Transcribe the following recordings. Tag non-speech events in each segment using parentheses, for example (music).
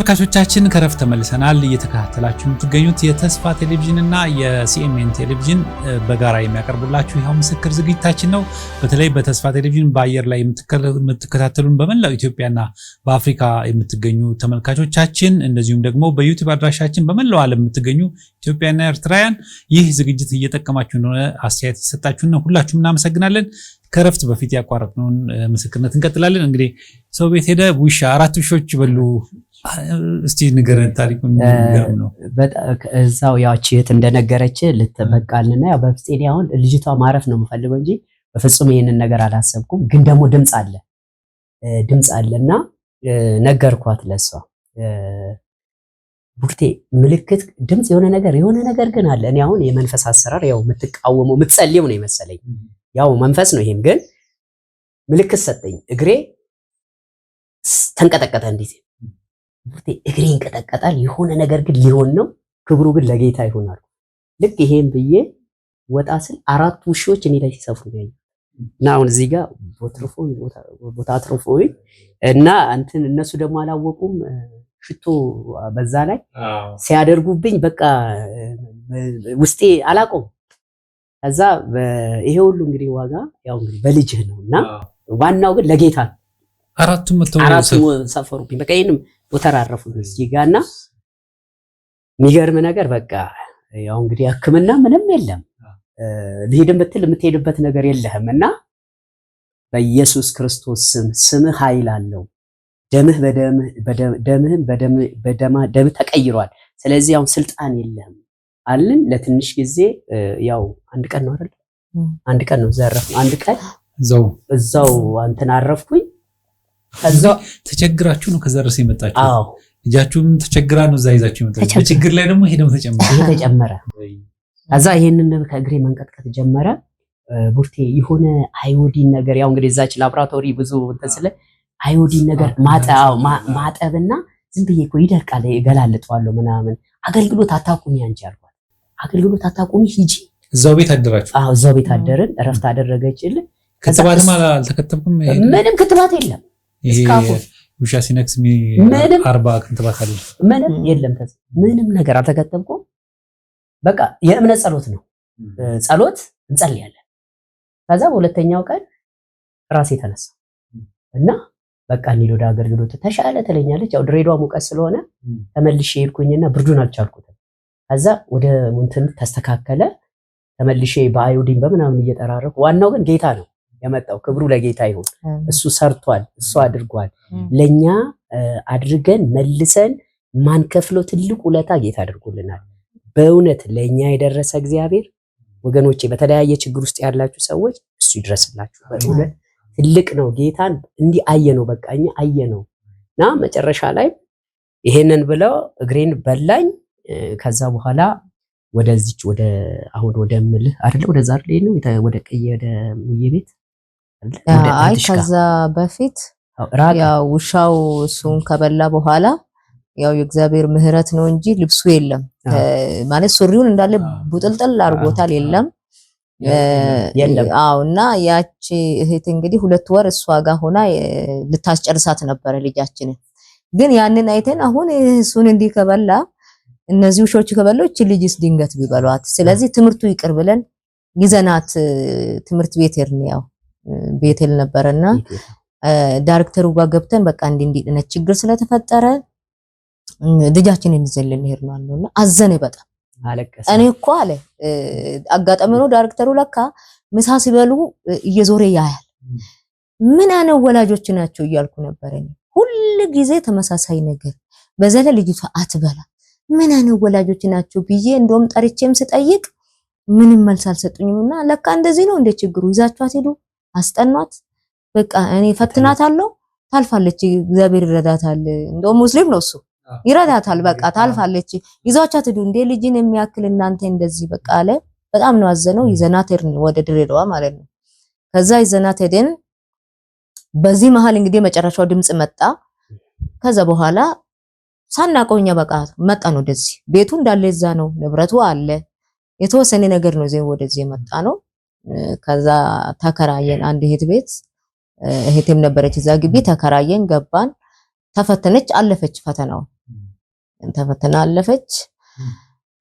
ተመልካቾቻችን ከረፍት ተመልሰናል። እየተከታተላችሁ የምትገኙት የተስፋ ቴሌቪዥን እና የሲኤምኤን ቴሌቪዥን በጋራ የሚያቀርቡላችሁ ይኸው ምስክር ዝግጅታችን ነው። በተለይ በተስፋ ቴሌቪዥን በአየር ላይ የምትከታተሉን በመላው ኢትዮጵያና በአፍሪካ የምትገኙ ተመልካቾቻችን፣ እንደዚሁም ደግሞ በዩቲዩብ አድራሻችን በመላው ዓለም የምትገኙ ኢትዮጵያና ኤርትራውያን ይህ ዝግጅት እየጠቀማችሁ እንደሆነ አስተያየት የሰጣችሁን ሁላችሁም እናመሰግናለን። ከረፍት በፊት ያቋረጥነውን ምስክርነት እንቀጥላለን። እንግዲህ ሰው ቤት ሄደ ውሻ አራት ውሾች በሉ እስቲ ንገረን ታሪኩን። እዛው ያች የት እንደነገረች ልትበቃልና ያው በፍፄ አሁን ልጅቷ ማረፍ ነው የምፈልገው እንጂ በፍጹም ይህንን ነገር አላሰብኩም። ግን ደግሞ ድምፅ አለ ድምፅ አለና ነገርኳት ለሷ ቡርቴ ምልክት ድምፅ የሆነ ነገር የሆነ ነገር ግን አለ። እኔ አሁን የመንፈስ አሰራር ያው የምትቃወመው የምትጸልየው ነው የመሰለኝ ያው መንፈስ ነው። ይሄም ግን ምልክት ሰጠኝ። እግሬ ተንቀጠቀጠ እንዴት እግሬ ይንቀጠቀጣል። የሆነ ነገር ግን ሊሆን ነው። ክብሩ ግን ለጌታ ይሆናል። ልክ ይሄን ብዬ ወጣ ስል አራት ውሾች እኔ ላይ ሲሰፉ ነው። እና አሁን እዚህ ጋር ቦታ አትርፎ እና እንትን እነሱ ደግሞ አላወቁም። ሽቶ በዛ ላይ ሲያደርጉብኝ በቃ ውስጤ አላቆም። ከዛ ይሄ ሁሉ እንግዲህ ዋጋ ያው እንግዲህ በልጅህ ነው እና ዋናው ግን ለጌታ ነው። አራቱም ሰፈሩብኝ በቃ ይህንም ተራረፉት እዚህ ጋና የሚገርም ነገር በቃ ያው እንግዲህ ሕክምና ምንም የለም ልሄድም ብትል የምትሄድበት ነገር የለህም እና በኢየሱስ ክርስቶስ ስም ስምህ ኃይል አለው። ደምህ በደምህም በደም ተቀይሯል። ስለዚህ ያው ስልጣን የለህም አልን። ለትንሽ ጊዜ ያው አንድ ቀን ነው አይደል? አንድ ቀን ነው ዘረፍ አንድ ቀን እዛው አንተን አረፍኩኝ። ተቸግራችሁ ነው ከዛ ድረስ የመጣችሁ? እጃችሁም ተቸግራ ነው እዛ ይዛችሁ የመጣችሁ። በችግር ላይ ደግሞ ይሄ ደግሞ ተጨመረ። ይሄ ተጨመረ። ከዛ ይሄንን ከእግሬ መንቀጥቀጥ ጀመረ። ቡርቴ የሆነ አዮዲን ነገር ያው እንግዲህ እዛች ላብራቶሪ ብዙ እንትን ስለ አዮዲን ነገር ማጠብና ዝም ብዬ እኮ ይደርቃል እገላልጠዋለሁ ምናምን አገልግሎት አታቁሚ አንቺ አልኳት። አገልግሎት አታቁሚ ሂጂ። እዛው ቤት አደራችሁ? እዛው ቤት አደርን። እረፍት አደረገችልን። ክትባትም አልተከተብኩም። ምንም ክትባት የለም ይሄ ውሻ ሲነክስ አርባ ክንትባት አለ ምንም የለም። ምንም ነገር አልተከተብኩም። በቃ የእምነት ጸሎት ነው። ጸሎት እንጸልያለን። ከዛ በሁለተኛው ቀን ራሴ ተነሳ እና በቃ እንሂድ ወደ አገልግሎት ተሻለ ትለኛለች። ያው ድሬዳዋ ሙቀት ስለሆነ ተመልሼ ሄድኩኝና ብርዱን አልቻልኩትም። ከዛ ወደ ሙንትን ተስተካከለ። ተመልሼ በአዮዲን በምናምን እየጠራረኩ ዋናው ግን ጌታ ነው። የመጣው ክብሩ ለጌታ ይሁን። እሱ ሰርቷል፣ እሱ አድርጓል። ለኛ አድርገን መልሰን ማንከፍለው ትልቅ ውለታ ጌታ አድርጎልናል። በእውነት ለኛ የደረሰ እግዚአብሔር ወገኖቼ፣ በተለያየ ችግር ውስጥ ያላችሁ ሰዎች እሱ ይድረስላችሁ። በእውነት ትልቅ ነው። ጌታን እንዲህ ነው፣ በቃ እኛ ነው እና መጨረሻ ላይ ይሄንን ብለው እግሬን በላኝ። ከዛ በኋላ ወደዚች ወደ አሁን ወደ ምልህ አይደለ ወደዛ አይደለ ነው ወደ ቀይ ወደ ሙዬ ቤት አይ ከዛ በፊት ያው ውሻው እሱን ከበላ በኋላ ያው የእግዚአብሔር ምሕረት ነው እንጂ ልብሱ የለም ማለት ሱሪውን እንዳለ ቡጥልጥል አድርጎታል። የለም አዎ። እና ያቺ እህት እንግዲህ ሁለት ወር እሷ ጋር ሆና ልታስጨርሳት ነበረ ልጃችንን። ግን ያንን አይተን አሁን እሱን እንዲህ ከበላ እነዚህ ውሾች ከበሉ ልጅስ ድንገት ቢበሏት፣ ስለዚህ ትምህርቱ ይቅር ብለን ይዘናት ትምህርት ቤት ሄድን ያው ቤቴል ነበረና ዳይሬክተሩ ጋር ገብተን በቃ እንዲህ እንዲህ ችግር ስለተፈጠረ ልጃችን ይዘን ልንሄድ ነው አለውና አዘነ በጣም እኔ እኮ አለ አጋጣሚ ነው ዳይሬክተሩ ለካ ምሳ ሲበሉ እየዞረ ያያል። ምን አይነት ወላጆች ናቸው እያልኩ ነበረ። ሁል ጊዜ ተመሳሳይ ነገር በዘለ ልጅቷ አትበላ ምን አይነት ወላጆች ናቸው ብዬ እንደውም ጠርቼም ስጠይቅ ምንም መልስ አልሰጡኝም። እና ለካ እንደዚህ ነው እንደ ችግሩ ይዛችኋት ሄዱ አስጠኗት። በቃ እኔ ፈትናታለሁ፣ ታልፋለች፣ እግዚአብሔር ይረዳታል። እንደው ሙስሊም ነው እሱ ይረዳታል። በቃ ታልፋለች። ይዟቻ ትዱ እንዴ ልጅን የሚያክል እናንተ እንደዚህ በቃ አለ። በጣም ነው አዘነው። ይዘናት ሄድን ወደ ድሬዳዋ ማለት ነው። ከዛ ይዘናት ሄደን በዚህ መሀል እንግዲህ መጨረሻው ድምጽ መጣ። ከዛ በኋላ ሳናቆኛ በቃ መጣ ነው ወደዚህ። ቤቱ እንዳለ እዛ ነው፣ ንብረቱ አለ። የተወሰነ ነገር ነው ወደዚህ የመጣ ነው። ከዛ ተከራየን አንድ እህት ቤት እህቴም ነበረች እዛ ግቢ ተከራየን፣ ገባን። ተፈተነች፣ አለፈች። ፈተናው ተፈተና አለፈች።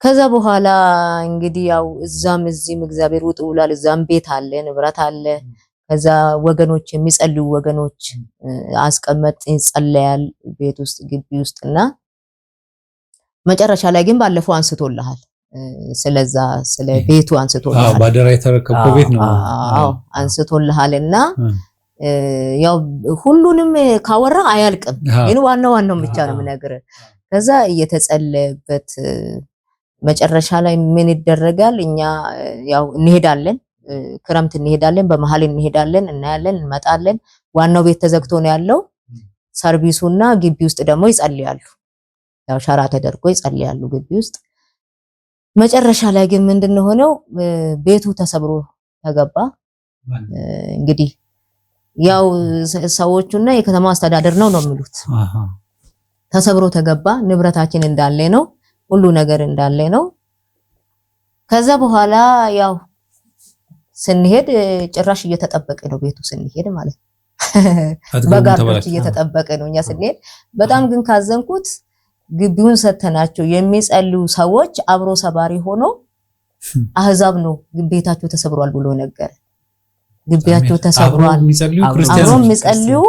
ከዛ በኋላ እንግዲህ ያው እዛም እዚህም እግዚአብሔር ውጥ ውላል። እዛም ቤት አለ፣ ንብረት አለ። ከዛ ወገኖች የሚጸልዩ ወገኖች አስቀመጥ ይጸለያል ቤት ውስጥ ግቢ ውስጥና መጨረሻ ላይ ግን ባለፈው አንስቶልሃል ስለዛ ስለ ቤቱ አንስቶልሃል። ባደራ ቤት ነው። አንስቶልሃል። እና ያው ሁሉንም ካወራ አያልቅም። ግን ዋና ዋናው ብቻ ነው የምነግርህ። ከዛ እየተጸለየበት መጨረሻ ላይ ምን ይደረጋል? እኛ ያው እንሄዳለን፣ ክረምት እንሄዳለን፣ በመሀል እንሄዳለን፣ እናያለን፣ እንመጣለን። ዋናው ቤት ተዘግቶ ነው ያለው። ሰርቪሱና ግቢ ውስጥ ደግሞ ይጸልያሉ። ያው ሸራ ተደርጎ ይጸልያሉ ግቢ ውስጥ መጨረሻ ላይ ግን ምንድን ነው ሆነው ቤቱ ተሰብሮ ተገባ። እንግዲህ ያው ሰዎቹና የከተማ አስተዳደር ነው ነው የሚሉት ተሰብሮ ተገባ። ንብረታችን እንዳለ ነው፣ ሁሉ ነገር እንዳለ ነው። ከዛ በኋላ ያው ስንሄድ ጭራሽ እየተጠበቀ ነው ቤቱ ስንሄድ ማለት ነው፣ በጋርዶች እየተጠበቀ ነው እኛ ስንሄድ። በጣም ግን ካዘንኩት ግቢውን ሰተናቸው የሚጸልዩ ሰዎች አብሮ ሰባሪ ሆኖ አህዛብ ነው ቤታቸው ተሰብሯል ብሎ ነገር ግቢያቸው ተሰብሯል። አብሮ የሚጸልዩ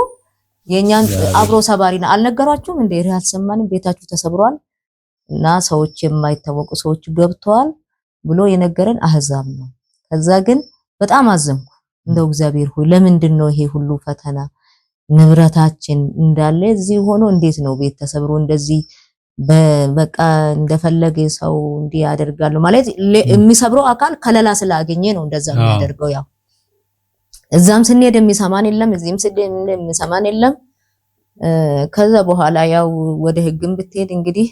የእኛን አብሮ ሰባሪ ነው አልነገሯችሁም? እንደ ሪህ አልሰማንም ቤታችሁ ተሰብሯል እና ሰዎች የማይታወቁ ሰዎች ገብተዋል ብሎ የነገረን አህዛብ ነው። ከዛ ግን በጣም አዘንኩ። እንደው እግዚአብሔር ሆይ ለምንድን ነው ይሄ ሁሉ ፈተና? ንብረታችን እንዳለ እዚህ ሆኖ እንዴት ነው ቤት ተሰብሮ እንደዚህ በቃ እንደፈለገ ሰው እንዲህ ያደርጋሉ ማለት የሚሰብረው አካል ከለላ ስላገኘ ነው እንደዛ የሚያደርገው። ያው እዛም ስንሄድ የሚሰማን የለም፣ እዚህም ስንሄድ የሚሰማን የለም። ከዛ በኋላ ያው ወደ ህግም ብትሄድ እንግዲህ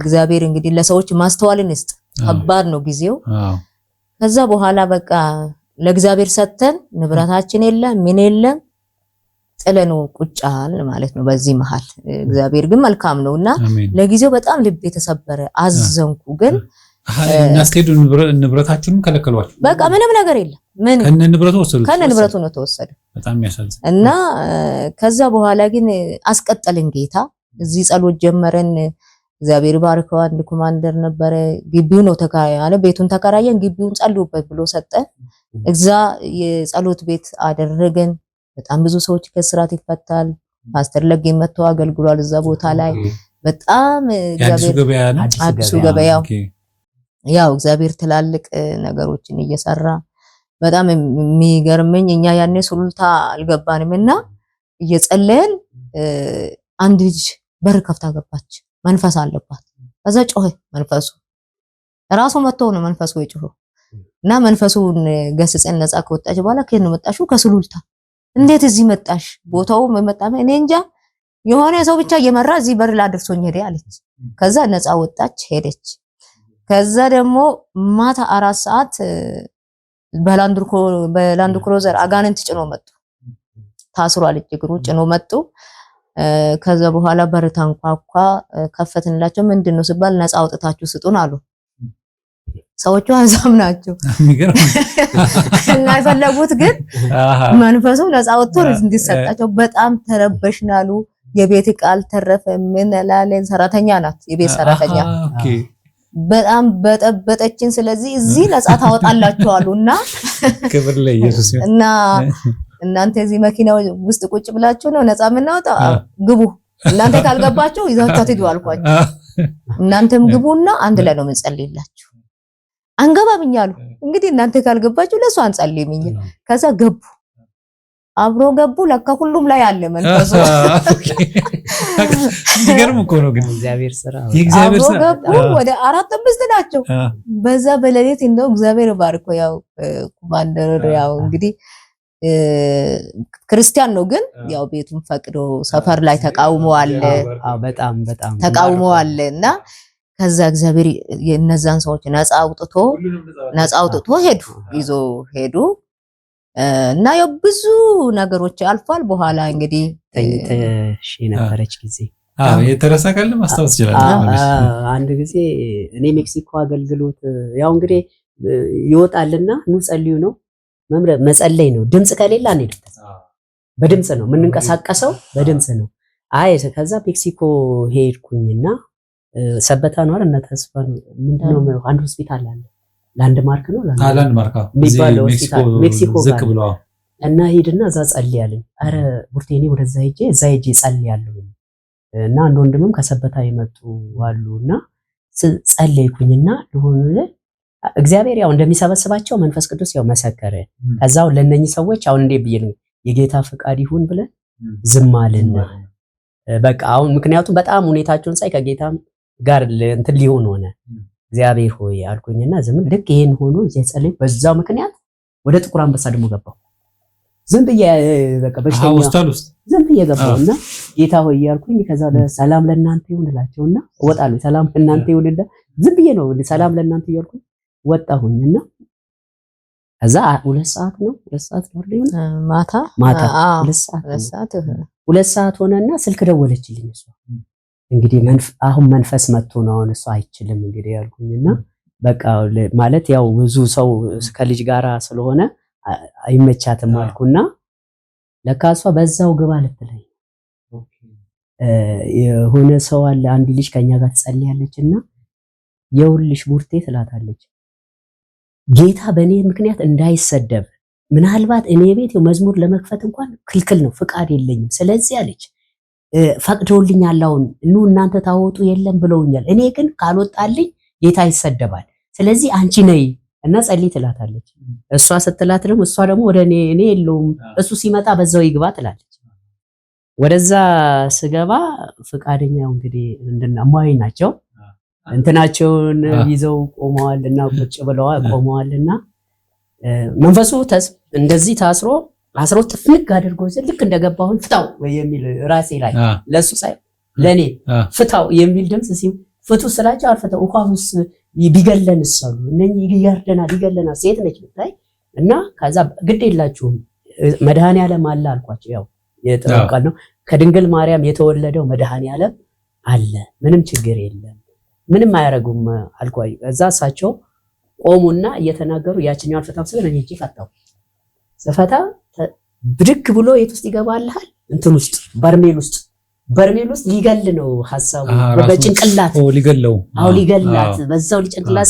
እግዚአብሔር እንግዲህ ለሰዎች ማስተዋልን ይስጥ። ከባድ ነው ጊዜው። ከዛ በኋላ በቃ ለእግዚአብሔር ሰጥተን ንብረታችን የለም ምን የለም ጥለኑ ቁጫል ማለት ነው። በዚህ መሀል እግዚአብሔር ግን መልካም ነው እና ለጊዜው በጣም ልብ የተሰበረ አዘንኩ። ግን እናስሄዱ ንብረታችሁንም ከለከሏችሁ? በቃ ምንም ነገር የለም። ከነ ንብረቱ ወሰዱ፣ ከነ ንብረቱ ነው ተወሰደ። በጣም እና ከዛ በኋላ ግን አስቀጠልን ጌታ። እዚህ ጸሎት ጀመረን። እግዚአብሔር ባርከው። አንድ ኮማንደር ነበረ፣ ግቢው ነው ተከራየ፣ ቤቱን ተከራየን፣ ግቢውን ጸልዩበት ብሎ ሰጠን። እዛ የጸሎት ቤት አደረገን። በጣም ብዙ ሰዎች ከስራት ይፈታል። ፓስተር ለጌ መጥቶ አገልግሏል እዛ ቦታ ላይ በጣም እግዚአብሔር አዲሱ ገበያው ያው እግዚአብሔር ትላልቅ ነገሮችን እየሰራ በጣም የሚገርመኝ እኛ ያኔ ሱሉልታ አልገባንም እና እየጸለየን አንድ ልጅ በር ከፍታ ገባች። መንፈስ አለባት። ከዛ ጮኸ። መንፈሱ ራሱ መጥቶ ነው መንፈሱ የጮኸው እና መንፈሱን ገስጸን ነፃ ከወጣች በኋላ ከየት ነው መጣሽው? ከሱሉልታ እንዴት እዚህ መጣሽ? ቦታው መጣ እኔ እንጃ የሆነ ሰው ብቻ እየመራ እዚህ በር ላደርሶኝ ሄደ አለች። ከዛ ነፃ ወጣች ሄደች። ከዛ ደግሞ ማታ አራት ሰዓት በላንድ ክሮዘር አጋንንት ጭኖ መጡ። ታስሯል እግሩ ጭኖ መጡ። ከዛ በኋላ በር ታንኳኳ። ከፈትንላቸው ምንድን ነው ስባል ነፃ አውጥታችሁ ስጡን አሉ። ሰዎቹ አሕዛብ ናቸው እና የፈለጉት ግን መንፈሱ ነፃ ወጥቶ እንዲሰጣቸው በጣም ተረበሽናሉ። የቤት ቃል ተረፈ ምን እላለን። ሰራተኛ ናት፣ የቤት ሰራተኛ በጣም በጠበጠችን። ስለዚህ እዚህ ነፃ ታወጣላችኋሉ እና ክብር ለኢየሱስ እና እናንተ እዚህ መኪና ውስጥ ቁጭ ብላችሁ ነው ነፃ የምናወጣው? ግቡ እናንተ ካልገባችሁ ይዛችሁ ትሄዱ አልኳቸው። እናንተም ግቡና አንድ ላይ ነው የምንጸልይላችሁ አንገባምኝ አሉ። እንግዲህ እናንተ ካልገባችሁ ለእሱ አንጸልይም ከዛ ገቡ፣ አብሮ ገቡ። ለካ ሁሉም ላይ አለ መንፈሱ። ይገርም እኮ ነው ግን እግዚአብሔር ስራ። አብሮ ገቡ፣ ወደ አራት አምስት ናቸው። በዛ በሌሊት እንደው እግዚአብሔር ባርኮ ያው ኮማንደር ያው እንግዲህ ክርስቲያን ነው ግን ያው ቤቱን ፈቅዶ ሰፈር ላይ ተቃውሞ አለ፣ በጣም በጣም ተቃውሞ አለ እና ከዛ እግዚአብሔር እነዛን ሰዎች ነፃ አውጥቶ ነፃ አውጥቶ ሄዱ ይዞ ሄዱ እና ያው ብዙ ነገሮች አልፏል። በኋላ እንግዲህ ሺ ነበረች ጊዜ የተረሳ ካለ ማስታወስ ይችላል። አንድ ጊዜ እኔ ሜክሲኮ አገልግሎት ያው እንግዲህ ይወጣልና ኑ ጸልዩ ነው መምረ መጸለይ ነው። ድምፅ ከሌለ አንሄድበት። በድምፅ ነው የምንንቀሳቀሰው፣ በድምፅ ነው። አይ ከዛ ሜክሲኮ ሄድኩኝና ሰበታ ነው አይደል? እነ ተስፋ ነው ምንድን ነው አንድ ሆስፒታል አለ፣ ላንድ ማርክ ነው ላንድ ማርክ የሚባለው ሆስፒታል ሜክሲኮ ብሎ እና ሄድና እዛ ጸልይ አለኝ። አረ ቡርቴኔ ወደዛ ሄጄ እዛ ሄጄ ጸልያለሁ እና አንድ ወንድምም ከሰበታ የመጡ አሉ እና ጸለይኩኝና ልሆኑ እግዚአብሔር ያው እንደሚሰበስባቸው መንፈስ ቅዱስ ያው መሰከረ። ከዛው ለነኚህ ሰዎች አሁን እንዴ ብዬ የጌታ ፈቃድ ይሁን ብለን ዝም አልን። በቃ አሁን ምክንያቱም በጣም ሁኔታቸውን ሳይ ከጌታም ጋር እንትን ሊሆን ሆነ። እግዚአብሔር ሆይ አልኩኝና ዝም ልክ ይሄን ሆኖ እዚያ ጸለይ። በዛው ምክንያት ወደ ጥቁር አንበሳ ደግሞ ገባው ዝም ብዬ በቃ በሽተኛ ሆስፒታል ውስጥ ዝም ብዬ ገባውና ጌታ ሆይ ያልኩኝ። ከዛ ሰላም ለእናንተ ይሁንላቸውና እወጣለሁ። ሰላም ለእናንተ ይሁንላ። ዝም ብዬ ነው ሰላም ለእናንተ እያልኩኝ ወጣሁኝና ከዛ ሁለት ሰዓት ነው ሁለት ሰዓት ነው አይደል? ማታ ማታ ሁለት ሰዓት ሁለት ሰዓት ሆነና ስልክ ደወለችልኝ እሷ እንግዲህ አሁን መንፈስ መጥቶ ነው አሁን እሱ አይችልም እንግዲህ ያልኩኝና በቃ ማለት ያው ብዙ ሰው ከልጅ ጋራ ስለሆነ አይመቻትም አልኩና ለካ እሷ በዛው ግባ ልትለኝ የሆነ ሰው አለ አንድ ልጅ ከኛ ጋር ትጸልያለች እና የውልሽ ቡርቴ ትላታለች ጌታ በእኔ ምክንያት እንዳይሰደብ ምናልባት እኔ ቤት መዝሙር ለመክፈት እንኳን ክልክል ነው ፍቃድ የለኝም ስለዚህ አለች ፈቅደውልኝ አሁን ኑ እናንተ ታወጡ የለም ብለውኛል። እኔ ግን ካልወጣልኝ ጌታ ይሰደባል። ስለዚህ አንቺ ነይ እና ጸልይ ትላታለች። እሷ ስትላት ደግሞ እሷ ደግሞ ወደ እኔ እኔ የለውም እሱ ሲመጣ በዛው ይግባ ትላለች። ወደዛ ስገባ ፈቃደኛው እንግዲህ ማይ ናቸው እንትናቸውን ይዘው ቆመዋልና ቁጭ ብለዋል ቆመዋልና መንፈሱ እንደዚህ ታስሮ አስሮት ፍንግ አድርጎ ልክ እንደገባሁን ፍታው የሚል ራሴ ላይ ለሱ ሳይ ለኔ ፍታው የሚል ድምጽ ሲ ፍቱ ስላቸው አልፈታው እንኳንስ ቢገለንስ ሰሉ እነኚህ ይገርደናል ይገለናል ሴት ነች ብታይ እና ከዛ ግድ የላችሁም መድኃኔ ዓለም አለ አልኳቸው። ያው የጥበብ ነው። ከድንግል ማርያም የተወለደው መድኃኔ ዓለም አለ፣ ምንም ችግር የለም፣ ምንም አያደርጉም አልኳ። ከዛ እሳቸው ቆሙና እየተናገሩ ያችኛዋን ፍታው ስለ እኔ ፈታው ስፈታ ብድግ ብሎ የት ውስጥ ይገባልሃል? እንትን ውስጥ በርሜል ውስጥ በርሜል ውስጥ ሊገል ነው ሀሳቡ። በጭንቅላት ሊገለው አዎ፣ ሊገላት በዛው ሊጭንቅላት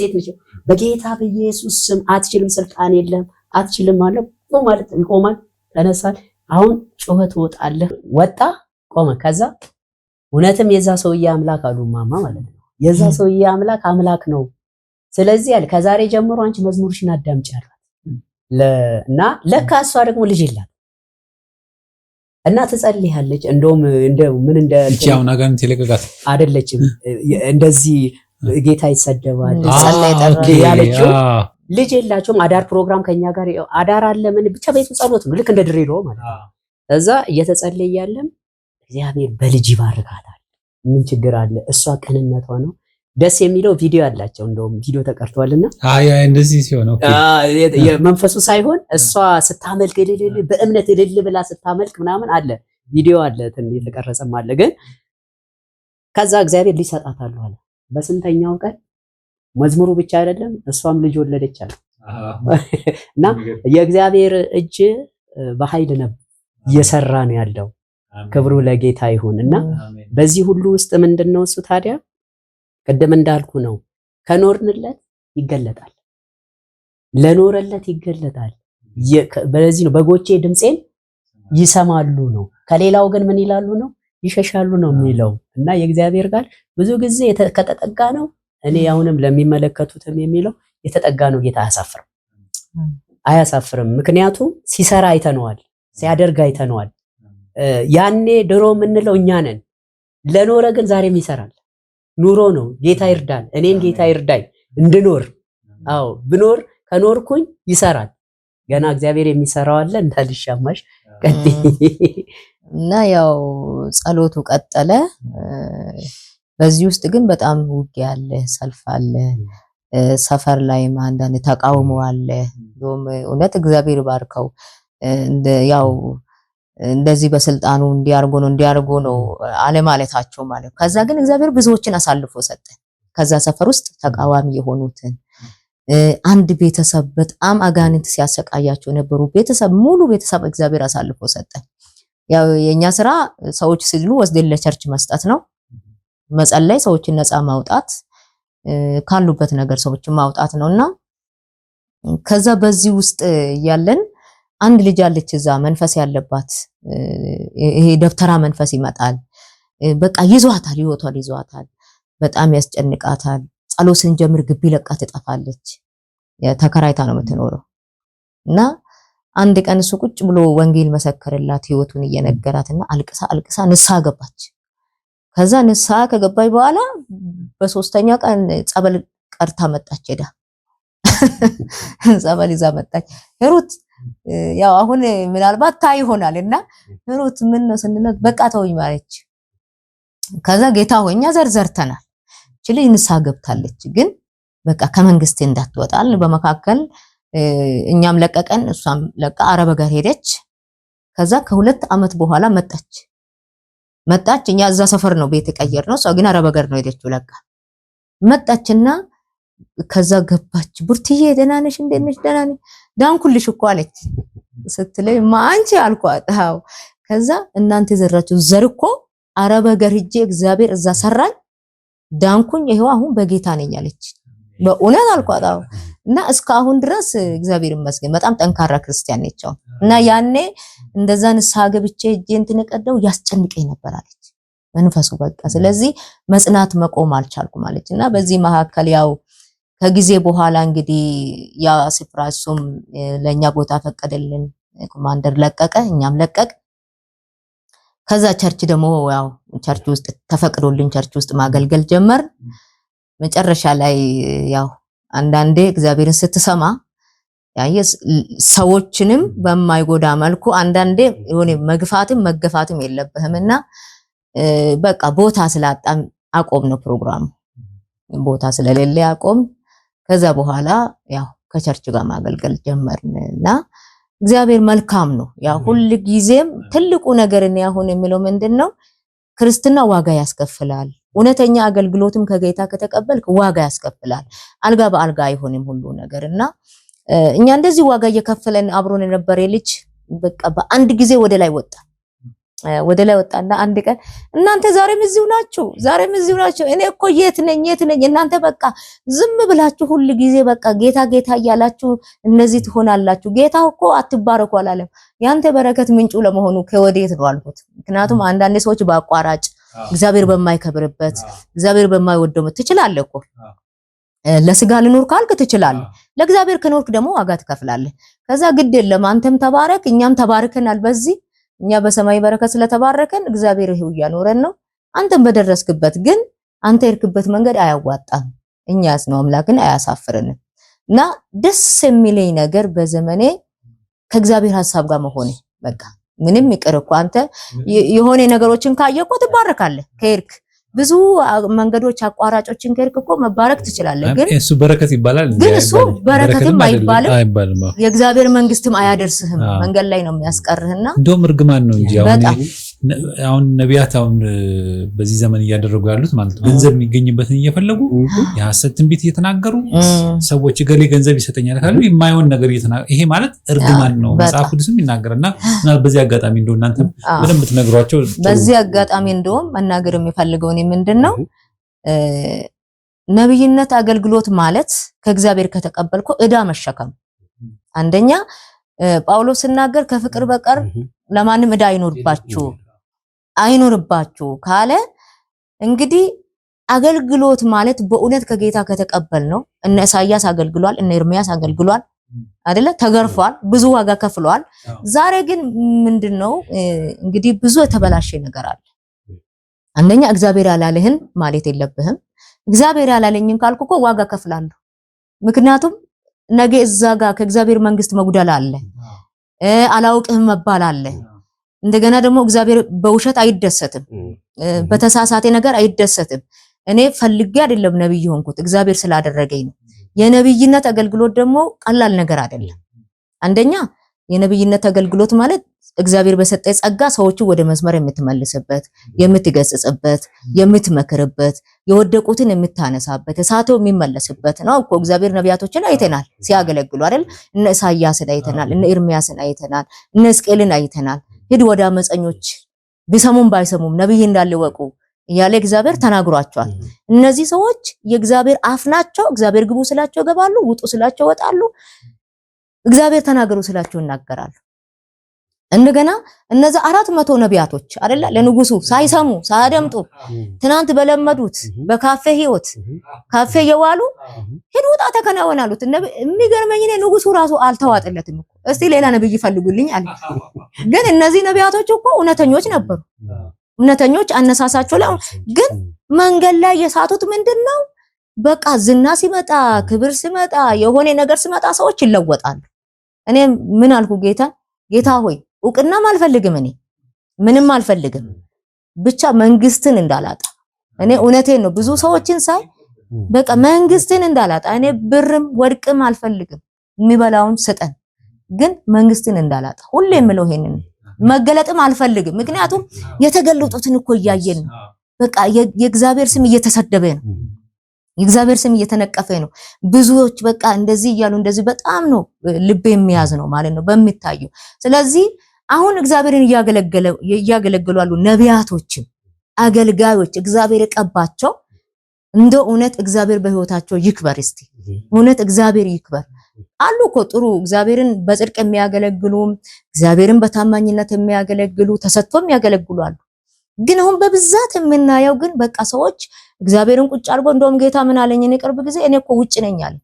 ሴት ነች። በጌታ በኢየሱስ ስም አትችልም፣ ስልጣን የለም፣ አትችልም አለ። ማለት ይቆማል፣ ተነሳል። አሁን ጮኸ፣ ወጣለህ፣ ወጣ፣ ቆመ። ከዛ እውነትም የዛ ሰውዬ አምላክ አሉ ማማ ማለት ነው። የዛ ሰውዬ አምላክ አምላክ ነው። ስለዚህ ያለ ከዛሬ ጀምሮ አንቺ መዝሙርሽን አዳምጪ አለ። እና ለካ እሷ ደግሞ ልጅ የላት እና ትጸልያለች። እንደውም ምን እንደ ነገር ተለቀቃት አይደለችም እንደዚህ ጌታ ይሰደባል ያለችው ልጅ የላቸውም። አዳር ፕሮግራም ከኛ ጋር አዳር አለ። ምን ብቻ ቤቱ ጸሎት ነው፣ ልክ እንደ ድሬዳዋ ማለት እዛ እየተጸለየ ያለም እግዚአብሔር በልጅ ይባርካታል። ምን ችግር አለ? እሷ ቅንነቷ ነው ደስ የሚለው ቪዲዮ አላቸው እንደውም ቪዲዮ ተቀርቷልና እንደዚህ ሲሆን መንፈሱ ሳይሆን እሷ ስታመልክ እልል በእምነት እልል ብላ ስታመልክ ምናምን አለ ቪዲዮ አለ የተቀረጸም አለ። ግን ከዛ እግዚአብሔር ሊሰጣት አለ አለ በስንተኛው ቀን መዝሙሩ ብቻ አይደለም እሷም ልጅ ወለደች አለ እና የእግዚአብሔር እጅ በኃይል ነው እየሰራ ነው ያለው። ክብሩ ለጌታ ይሁን እና በዚህ ሁሉ ውስጥ ምንድን ነው እሱ ታዲያ ቅድም እንዳልኩ ነው። ከኖርንለት ይገለጣል፣ ለኖረለት ይገለጣል። በዚህ ነው በጎቼ ድምፄን ይሰማሉ ነው። ከሌላው ግን ምን ይላሉ ነው ይሸሻሉ ነው የሚለው እና የእግዚአብሔር ቃል ብዙ ጊዜ ከተጠጋ ነው እኔ አሁንም ለሚመለከቱትም የሚለው የተጠጋ ነው ጌታ አያሳፍርም፣ አያሳፍርም። ምክንያቱም ሲሰራ አይተነዋል፣ ሲያደርግ አይተነዋል። ያኔ ድሮ የምንለው እኛ ነን፣ ለኖረ ግን ዛሬም ይሰራል። ኑሮ ነው። ጌታ ይርዳል። እኔም ጌታ ይርዳኝ እንድኖር። አዎ ብኖር ከኖርኩኝ ይሰራል። ገና እግዚአብሔር የሚሰራው አለ እንዳልሻማሽ እና ያው ጸሎቱ ቀጠለ። በዚህ ውስጥ ግን በጣም ውጊያ አለ፣ ሰልፍ አለ፣ ሰፈር ላይም አንዳንድ ተቃውሞ አለ። እውነት እግዚአብሔር ባርከው ያው እንደዚህ በስልጣኑ እንዲያርጎ ነው እንዲያርጎ ነው አለማለታቸው ማለት ከዛ ግን እግዚአብሔር ብዙዎችን አሳልፎ ሰጠ። ከዛ ሰፈር ውስጥ ተቃዋሚ የሆኑትን አንድ ቤተሰብ በጣም አጋንንት ሲያሰቃያቸው የነበሩ ቤተሰብ ሙሉ ቤተሰብ እግዚአብሔር አሳልፎ ሰጠ። ያው የኛ ስራ ሰዎች ሲድኑ ወስደን ለቸርች መስጠት ነው፣ መጸለይ፣ ሰዎችን ነፃ ማውጣት፣ ካሉበት ነገር ሰዎችን ማውጣት ነውና ከዛ በዚህ ውስጥ ያለን አንድ ልጅ አለች እዛ መንፈስ ያለባት ይሄ ደብተራ መንፈስ ይመጣል። በቃ ይዟታል፣ ህይወቷን ይዟታል። በጣም ያስጨንቃታል። ጸሎት ስንጀምር ግቢ ለቃ ትጠፋለች። ተከራይታ ነው የምትኖረው እና አንድ ቀን እሱ ቁጭ ብሎ ወንጌል መሰከርላት ህይወቱን እየነገራትና አልቅሳ አልቅሳ ንስሐ ገባች። ከዛ ንስሐ ከገባች በኋላ በሶስተኛ ቀን ጸበል ቀርታ መጣች ሄዳ ጸበል ይዛ መጣች። ሂሩት ያው አሁን ምናልባት ታይ ይሆናል እና ሩት ምን ነው ስንነት በቃ ተውኝ ማለች። ከዛ ጌታ ሆኛ ዘርዘርተናል። ችል ንሳ ገብታለች። ግን በቃ ከመንግስቴ እንዳትወጣል በመካከል እኛም ለቀቀን፣ እሷም ለቃ አረብ ጋር ሄደች። ከዛ ከሁለት አመት በኋላ መጣች መጣች። እኛ እዛ ሰፈር ነው ቤት የቀየር ነው። እሷ ግን አረብ ጋር ነው ሄደችው ለቃ መጣችና ከዛ ገባች። ቡርትዬ ደህና ነሽ? እንዴት ነሽ? ደህና ነኝ ዳንኩልሽ እኮ አለች ስትለኝ ማንቺ አልኳት። አዎ ከዛ እናንተ የዘራችሁ ዘር እኮ አረብ ሀገር ሂጄ እግዚአብሔር እዛ ሰራኝ ዳንኩኝ፣ ይሄው አሁን በጌታ ነኝ አለች። በእውነት አልኳት። አዎ እና እስከ አሁን ድረስ እግዚአብሔር ይመስገን በጣም ጠንካራ ክርስቲያን ነች። እና ያኔ እንደዛ ንስሐ ገብቼ ሂጄ እንትን ቀደው ያስጨንቀኝ ነበር አለች መንፈሱ። በቃ ስለዚህ መጽናት መቆም አልቻልኩም አለች። እና በዚህ መካከል ያው ከጊዜ በኋላ እንግዲህ ያ እሱም ለእኛ ቦታ ፈቀደልን። ኮማንደር ለቀቀ፣ እኛም ለቀቅ። ከዛ ቸርች ደግሞ ያው ቸርች ውስጥ ተፈቅዶልን ቸርች ውስጥ ማገልገል ጀመር። መጨረሻ ላይ ያው አንዳንዴ እግዚአብሔርን ስትሰማ ሰዎችንም በማይጎዳ መልኩ አንዳንዴ የሆነ መግፋትም መገፋትም የለብህም እና በቃ ቦታ ስላጣም አቆም ነው ፕሮግራሙ ቦታ ስለሌለ አቆም ከዛ በኋላ ያው ከቸርች ጋር ማገልገል ጀመርን እና እግዚአብሔር መልካም ነው። ያው ሁል ጊዜም ትልቁ ነገር እኔ አሁን የሚለው ምንድን ነው ክርስትና ዋጋ ያስከፍላል። እውነተኛ አገልግሎትም ከጌታ ከተቀበልክ ዋጋ ያስከፍላል። አልጋ በአልጋ አይሆንም ሁሉ ነገር እና እኛ እንደዚህ ዋጋ እየከፈለን አብሮን የነበረ ልጅ በቃ በአንድ ጊዜ ወደ ላይ ወጣ። ወደ ላይ ወጣና አንድ ቀን እናንተ ዛሬም እዚሁ ናችሁ፣ ዛሬም እዚሁ ናችሁ። እኔ እኮ የት ነኝ የት ነኝ? እናንተ በቃ ዝም ብላችሁ ሁል ጊዜ በቃ ጌታ ጌታ እያላችሁ እነዚህ ትሆናላችሁ። ጌታ እኮ አትባረኩ አላለም። ያንተ በረከት ምንጩ ለመሆኑ ከወዴት ነው አልኩት። ምክንያቱም አንዳንድ ሰዎች በአቋራጭ እግዚአብሔር በማይከብርበት እግዚአብሔር በማይወደው ትችላለህ እኮ ለስጋ ልኖር ካልክ ትችላለህ። ለእግዚአብሔር ከኖርክ ደግሞ ዋጋ ትከፍላለህ። ከዛ ግድ የለም አንተም ተባረክ እኛም ተባርከናል በዚህ እኛ በሰማይ በረከት ስለተባረከን እግዚአብሔር ይሄው እያኖረን ነው። አንተን በደረስክበት ግን አንተ የርክበት መንገድ አያዋጣም። እኛስ ነው አምላክን አያሳፍርንም። እና ደስ የሚለኝ ነገር በዘመኔ ከእግዚአብሔር ሐሳብ ጋር መሆኔ በቃ ምንም ይቅር እኮ አንተ የሆነ ነገሮችን ካየህ እኮ ትባረካለህ ከሄድክ ብዙ መንገዶች አቋራጮችን ከሄድክ እኮ መባረክ ትችላለህ። ግን እሱ በረከት ይባላል። ግን እሱ በረከትም አይባልም። የእግዚአብሔር መንግስትም አያደርስህም። መንገድ ላይ ነው የሚያስቀርህና እንደውም እርግማን ነው እንጂ አሁን ነቢያት አሁን በዚህ ዘመን እያደረጉ ያሉት ማለት ገንዘብ የሚገኝበትን እየፈለጉ የሐሰት ትንቢት እየተናገሩ ሰዎች እገሌ ገንዘብ ይሰጠኛል ካሉ የማይሆን ነገር ይሄ ማለት እርግማን ነው። መጽሐፍ ቅዱስም ይናገራል እና በዚህ አጋጣሚ እንደው እናንተ በደንብ ትነግሯቸው። በዚህ አጋጣሚ እንደውም መናገር የሚፈልገው እኔ ምንድን ነው ነቢይነት አገልግሎት ማለት ከእግዚአብሔር ከተቀበልኩ እዳ መሸከም አንደኛ ጳውሎስ ሲናገር ከፍቅር በቀር ለማንም እዳ አይኖርባችሁ አይኑርባችሁ ካለ እንግዲህ አገልግሎት ማለት በእውነት ከጌታ ከተቀበል ነው። እነ ኢሳያስ አገልግሏል፣ እነ ኤርሚያስ አገልግሏል አይደለ? ተገርፏል፣ ብዙ ዋጋ ከፍሏል። ዛሬ ግን ምንድነው እንግዲህ ብዙ የተበላሸ ነገር አለ። አንደኛ እግዚአብሔር ያላለህን ማለት የለብህም። እግዚአብሔር ያላለኝን ካልኩ እኮ ዋጋ ከፍላለሁ። ምክንያቱም ነገ እዛ ጋር ከእግዚአብሔር መንግስት መጉደል አለ፣ አላውቅህም መባል አለ። እንደገና ደግሞ እግዚአብሔር በውሸት አይደሰትም፣ በተሳሳቴ ነገር አይደሰትም። እኔ ፈልጌ አይደለም ነብይ ሆንኩት፣ እግዚአብሔር ስላደረገኝ ነው። የነብይነት አገልግሎት ደግሞ ቀላል ነገር አይደለም። አንደኛ የነብይነት አገልግሎት ማለት እግዚአብሔር በሰጠ ጸጋ ሰዎቹ ወደ መስመር የምትመልስበት፣ የምትገስጽበት፣ የምትመክርበት፣ የወደቁትን የምታነሳበት፣ እሳተው የሚመለስበት ነው እኮ። እግዚአብሔር ነቢያቶችን አይተናል ሲያገለግሉ አይደል? እነ ኢሳያስን አይተናል፣ እነ ኤርሚያስን አይተናል፣ እነ ሕዝቅኤልን አይተናል። ሂድ ወደ አመፀኞች ቢሰሙም ባይሰሙም ነብይ እንዳለ ወቁ እያለ እግዚአብሔር ተናግሯቸዋል። እነዚህ ሰዎች የእግዚአብሔር አፍ ናቸው። እግዚአብሔር ግቡ ስላቸው ገባሉ፣ ውጡ ስላቸው ይወጣሉ፣ እግዚአብሔር ተናገሩ ስላቸው ይናገራሉ። እንደገና እነዛ አራት መቶ ነቢያቶች አይደለ ለንጉሱ ሳይሰሙ ሳያደምጡ ትናንት በለመዱት በካፌ ህይወት ካፌ የዋሉ ሂድ ውጣ ተከናወን አሉት። የሚገርመኝ እኔ ንጉሱ ራሱ አልተዋጠለትም እኮ እስቲ ሌላ ነብይ ይፈልጉልኝ አለ። ግን እነዚህ ነቢያቶች እኮ እውነተኞች ነበሩ። እውነተኞች አነሳሳቸው ላይ ግን መንገድ ላይ የሳቱት ምንድን ነው? በቃ ዝና ሲመጣ፣ ክብር ሲመጣ፣ የሆነ ነገር ሲመጣ ሰዎች ይለወጣሉ። እኔ ምን አልኩ ጌታ ጌታ ሆይ እውቅናም አልፈልግም። እኔ ምንም አልፈልግም። ብቻ መንግስትን እንዳላጣ እኔ እውነቴን ነው። ብዙ ሰዎችን ሳይ በቃ መንግስትን እንዳላጣ እኔ ብርም ወርቅም አልፈልግም። የሚበላውን ስጠን፣ ግን መንግስትን እንዳላጣ ሁሌ የምለው ይሄንን መገለጥም አልፈልግም። ምክንያቱም የተገለጡትን እኮ እያየን ነው። በቃ የእግዚአብሔር ስም እየተሰደበ ነው። የእግዚአብሔር ስም እየተነቀፈ ነው። ብዙዎች በቃ እንደዚህ እያሉ እንደዚህ በጣም ነው ልብ የሚያዝ ነው ማለት ነው በሚታየው ስለዚህ አሁን እግዚአብሔርን እያገለገሉ ያሉ ነቢያቶችም አገልጋዮች እግዚአብሔር የቀባቸው እንደ እውነት እግዚአብሔር በህይወታቸው ይክበር። እስቲ እውነት እግዚአብሔር ይክበር አሉ እኮ ጥሩ እግዚአብሔርን በጽድቅ የሚያገለግሉም እግዚአብሔርን በታማኝነት የሚያገለግሉ ተሰጥቶ የሚያገለግሉ አሉ። ግን አሁን በብዛት የምናየው ግን በቃ ሰዎች እግዚአብሔርን ቁጭ አድርጎ እንደውም ጌታ ምን አለኝ እኔ ቅርብ ጊዜ እኔ እኮ ውጭ ነኝ አለ።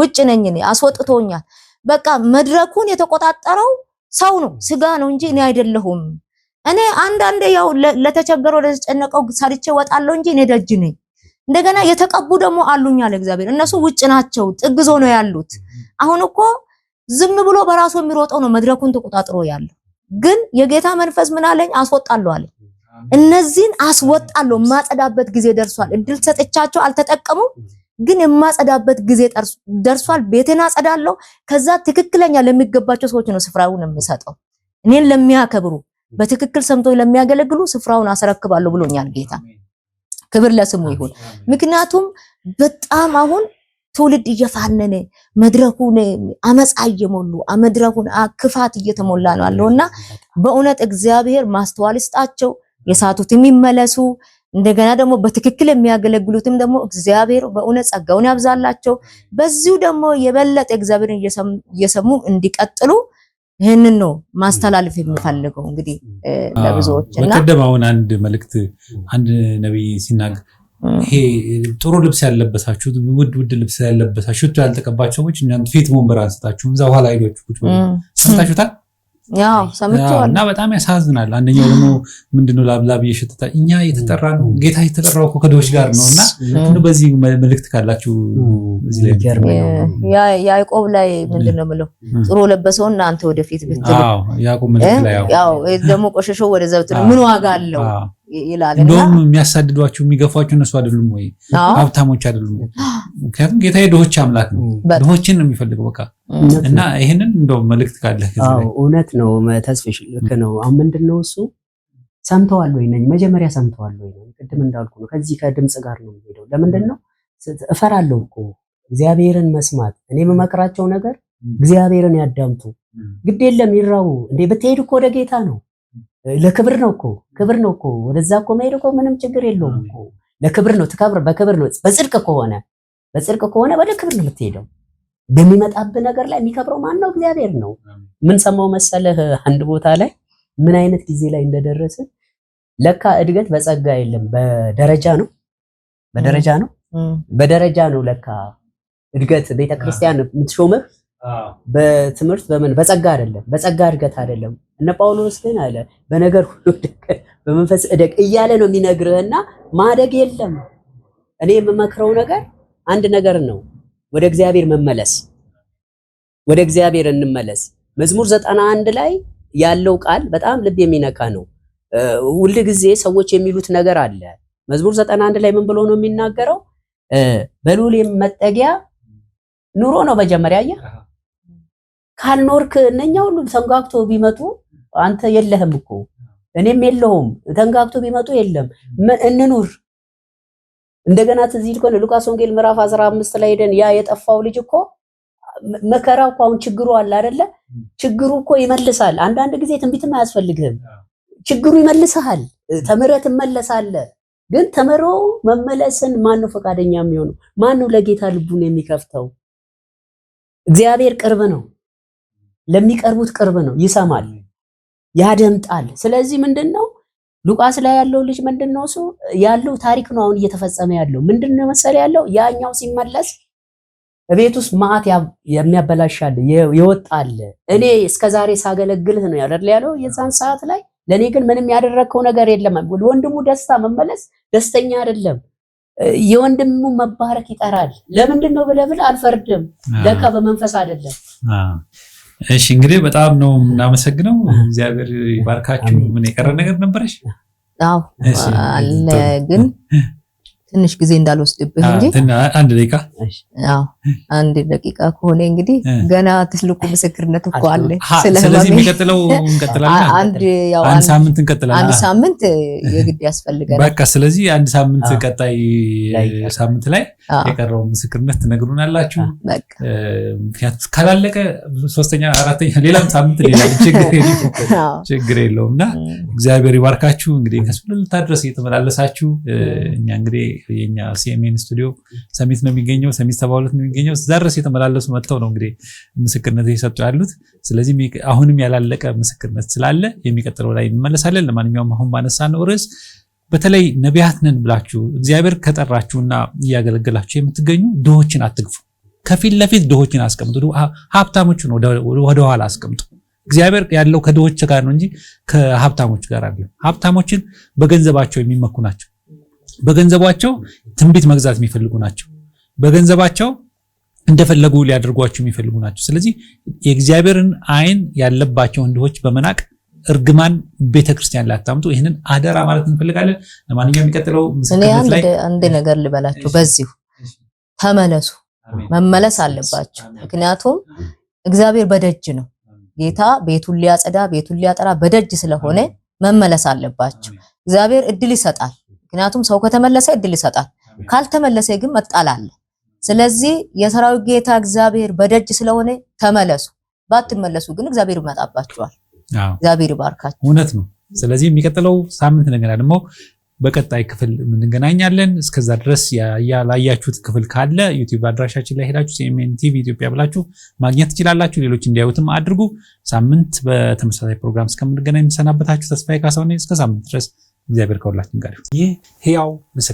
ውጭ ነኝ እኔ አስወጥቶኛል። በቃ መድረኩን የተቆጣጠረው ሰው ነው፣ ስጋ ነው እንጂ እኔ አይደለሁም። እኔ አንዳንዴ ያው ለተቸገረው ለተጨነቀው ሰርቼ ወጣለሁ እንጂ እኔ ደጅ ነኝ። እንደገና የተቀቡ ደግሞ አሉኝ አለ እግዚአብሔር። እነሱ ውጭ ናቸው፣ ጥግዞ ነው ያሉት። አሁን እኮ ዝም ብሎ በራሱ የሚሮጠው ነው መድረኩን ተቆጣጥሮ ያለው። ግን የጌታ መንፈስ ምን አለኝ? አስወጣለሁ አለ። እነዚህን አስወጣለሁ። ማጸዳበት ጊዜ ደርሷል። እድል ሰጥቻቸው አልተጠቀሙም። ግን የማጸዳበት ጊዜ ደርሷል። ቤቴን አጸዳለሁ። ከዛ ትክክለኛ ለሚገባቸው ሰዎች ነው ስፍራውን የሚሰጠው። እኔን ለሚያከብሩ በትክክል ሰምቶ ለሚያገለግሉ ስፍራውን አስረክባለሁ ብሎኛል ጌታ። ክብር ለስሙ ይሁን። ምክንያቱም በጣም አሁን ትውልድ እየፋነነ መድረኩን አመፃ እየሞሉ መድረኩን ክፋት እየተሞላ ነው እና በእውነት እግዚአብሔር ማስተዋል ይስጣቸው፣ የሳቱት የሚመለሱ እንደገና ደግሞ በትክክል የሚያገለግሉትም ደግሞ እግዚአብሔር በእውነት ጸጋውን ያብዛላቸው። በዚሁ ደግሞ የበለጠ እግዚአብሔርን እየሰሙ እንዲቀጥሉ ይህንን ነው ማስተላለፍ የምፈልገው። እንግዲህ ለብዙዎች በቀደም አሁን አንድ መልእክት አንድ ነቢይ ሲናገር ይሄ ጥሩ ልብስ ያለበሳችሁት ውድ ውድ ልብስ ያለበሳችሁት ያልተቀባቸው ሰዎች እናንተ ፊት ወንበር አንስታችሁ እዛ ኋላ ሄዶች ቁጭ ሰምታችሁታል እና በጣም ያሳዝናል። አንደኛው ደግሞ ምንድነው ላብላብ እየሸተታ እኛ የተጠራ ነው ጌታ የተጠራው እኮ ከድሆች ጋር ነው። እና በዚህ መልእክት ካላችሁ ያዕቆብ ላይ ምንድነው የምለው ጥሩ ለበሰውና አንተ ወደፊት ብትል ያዕቆብ ደግሞ ቆሸሸው ወደዛ ብትል ምን ዋጋ አለው ይላል። እንደውም የሚያሳድዷችሁ የሚገፏችሁ እነሱ አይደሉም ወይ? ሀብታሞች አይደሉም? ምክንያቱም ጌታ ድሆች አምላክ ነው። ድሆችን ነው የሚፈልገው በቃ እና ይህንን እንደውም መልእክት ካለ እውነት ነው። ተስፍሽ ልክ ነው። አሁን ምንድን ነው እሱ ሰምተዋል ወይ ነኝ መጀመሪያ ሰምተዋል ወይ ነኝ ቅድም እንዳልኩ ነው። ከዚህ ከድምፅ ጋር ነው የሚሄደው። ለምንድን ነው እፈራለሁ እኮ እግዚአብሔርን መስማት። እኔ የምመክራቸው ነገር እግዚአብሔርን ያዳምጡ። ግድ የለም ይራቡ እንዴ ብትሄድ እኮ ወደ ጌታ ነው ለክብር ነው እኮ ክብር ነው እኮ ወደዛ እኮ መሄድ እኮ ምንም ችግር የለውም እኮ ለክብር ነው ትከብር በክብር ነው በጽድቅ ከሆነ በጽድቅ ከሆነ ወደ ክብር ነው የምትሄደው። በሚመጣብህ ነገር ላይ የሚከብረው ማን ነው? እግዚአብሔር ነው። ምን ሰማው መሰለህ አንድ ቦታ ላይ ምን አይነት ጊዜ ላይ እንደደረሰ ለካ እድገት በጸጋ የለም በደረጃ ነው በደረጃ ነው በደረጃ ነው ለካ እድገት ቤተክርስቲያን የምትሾምህ በትምህርት በምን በጸጋ አይደለም በጸጋ እድገት አይደለም እነ ጳውሎስ ግን አለ በነገር ሁሉ ደቀ በመንፈስ እደቅ እያለ ነው የሚነግርህና ማደግ የለም። እኔ የምመክረው ነገር አንድ ነገር ነው፣ ወደ እግዚአብሔር መመለስ። ወደ እግዚአብሔር እንመለስ። መዝሙር ዘጠና አንድ ላይ ያለው ቃል በጣም ልብ የሚነካ ነው። ሁል ጊዜ ሰዎች የሚሉት ነገር አለ። መዝሙር ዘጠና አንድ ላይ ምን ብሎ ነው የሚናገረው? በልዑል መጠጊያ ኑሮ ነው መጀመሪያ አየህ ካልኖርክ እነኛ ሁሉ ተንጓግቶ ቢመጡ አንተ የለህም እኮ እኔም የለሁም። ተንጋግቶ ቢመጡ የለም እንኑር። እንደገና ትዚህ ልኮን ሉቃስ ወንጌል ምዕራፍ 15 ላይ ሄደን ያ የጠፋው ልጅ እኮ መከራው እኮ አሁን ችግሩ አለ አይደለ? ችግሩ እኮ ይመልሳል። አንዳንድ ጊዜ ትንቢትም አያስፈልግህም። ችግሩ ይመልስሃል። ተምረህ ትመለሳለህ። ግን ተምሮ መመለስን ማን ነው ፈቃደኛ የሚሆነው? ማን ነው ለጌታ ልቡን የሚከፍተው? እግዚአብሔር ቅርብ ነው፣ ለሚቀርቡት ቅርብ ነው፣ ይሰማል። ያደምጣል። ስለዚህ ምንድን ነው ሉቃስ ላይ ያለው ልጅ ምንድን ነው እሱ ያለው ታሪክ ነው አሁን እየተፈጸመ ያለው ምንድን ነው መሰለ ያለው ያኛው ሲመለስ ቤት ውስጥ መዓት የሚያበላሻል ይወጣል። እኔ እስከዛሬ ሳገለግልህ ነው ያደርል ያለው የዛን ሰዓት ላይ ለእኔ ግን ምንም ያደረግከው ነገር የለም። ወንድሙ ደስታ መመለስ ደስተኛ አይደለም። የወንድሙ መባረክ ይጠራል። ለምንድን ነው ብለህ ብል አልፈርድም። ለካ በመንፈስ አይደለም እሺ እንግዲህ በጣም ነው እናመሰግነው። እግዚአብሔር ይባርካችሁ። ምን የቀረ ነገር ነበረሽ? አዎ አለ፣ ግን ትንሽ ጊዜ እንዳልወስድብህ እንጂ አንድ ደቂቃ። አዎ አንድ ደቂቃ ከሆነ እንግዲህ ገና ትልቁ ምስክርነት እኮ አለ። ስለዚህ የሚቀጥለው እንቀጥላለን፣ አንድ ሳምንት እንቀጥላለን። አንድ ሳምንት የግድ ያስፈልገናል። በቃ ስለዚህ አንድ ሳምንት ቀጣይ ሳምንት ላይ የቀረው ምስክርነት ትነግሩናላችሁ። ምክንያቱም ካላለቀ ሶስተኛ፣ አራተኛ፣ ሌላም ሳምንት ሌላ (laughs) ችግር የለውም እና እግዚአብሔር ይባርካችሁ። እንግዲህ ከስልታ ድረስ እየተመላለሳችሁ እኛ እንግዲህ የኛ ሲኤምኤን ስቱዲዮ ሰሚት ነው የሚገኘው ሰሚት ሰባ ሁለት ነው የሚገኘው እስከ ድረስ የተመላለሱ መጥተው ነው እንግዲህ ምስክርነት እየሰጡ ያሉት። ስለዚህ አሁንም ያላለቀ ምስክርነት ስላለ የሚቀጥለው ላይ እንመለሳለን። ለማንኛውም አሁን ባነሳ ነው ርዕስ በተለይ ነቢያት ነን ብላችሁ እግዚአብሔር ከጠራችሁና እያገለገላችሁ የምትገኙ ድሆችን አትግፉ። ከፊት ለፊት ድሆችን አስቀምጡ፣ ሀብታሞችን ወደኋላ አስቀምጡ። እግዚአብሔር ያለው ከድሆች ጋር ነው እንጂ ከሀብታሞች ጋር አለ። ሀብታሞችን በገንዘባቸው የሚመኩ ናቸው። በገንዘባቸው ትንቢት መግዛት የሚፈልጉ ናቸው። በገንዘባቸው እንደፈለጉ ሊያደርጓቸው የሚፈልጉ ናቸው። ስለዚህ የእግዚአብሔርን አይን ያለባቸው እንዲሆች በመናቅ እርግማን ቤተክርስቲያን ላታምጡ፣ ይህንን አደራ ማለት እንፈልጋለን። ለማንኛውም የሚቀጥለው ምስክርነት አንድ ነገር ልበላችሁ። በዚሁ ተመለሱ፣ መመለስ አለባቸው። ምክንያቱም እግዚአብሔር በደጅ ነው። ጌታ ቤቱን ሊያጸዳ ቤቱን ሊያጠራ በደጅ ስለሆነ መመለስ አለባቸው። እግዚአብሔር እድል ይሰጣል። ምክንያቱም ሰው ከተመለሰ እድል ይሰጣል። ካልተመለሰ ግን መጣል አለ። ስለዚህ የሰራዊት ጌታ እግዚአብሔር በደጅ ስለሆነ ተመለሱ። ባትመለሱ ግን እግዚአብሔር ይመጣባቸዋል። እግዚአብሔር ይባርካቸው። እውነት ነው። ስለዚህ የሚቀጥለው ሳምንት ነገር ደግሞ በቀጣይ ክፍል እንገናኛለን። እስከዛ ድረስ ያላያችሁት ክፍል ካለ ዩቲዩብ አድራሻችን ላይ ሄዳችሁ ሲኤምኤን ቲቪ ኢትዮጵያ ብላችሁ ማግኘት ትችላላችሁ። ሌሎች እንዲያዩትም አድርጉ። ሳምንት በተመሳሳይ ፕሮግራም እስከምንገናኝ የምሰናበታችሁ ተስፋዬ ካሳሁን። እስከ ሳምንት ድረስ እግዚአብሔር ከሁላችን ጋር ይህ ህያው ምስክር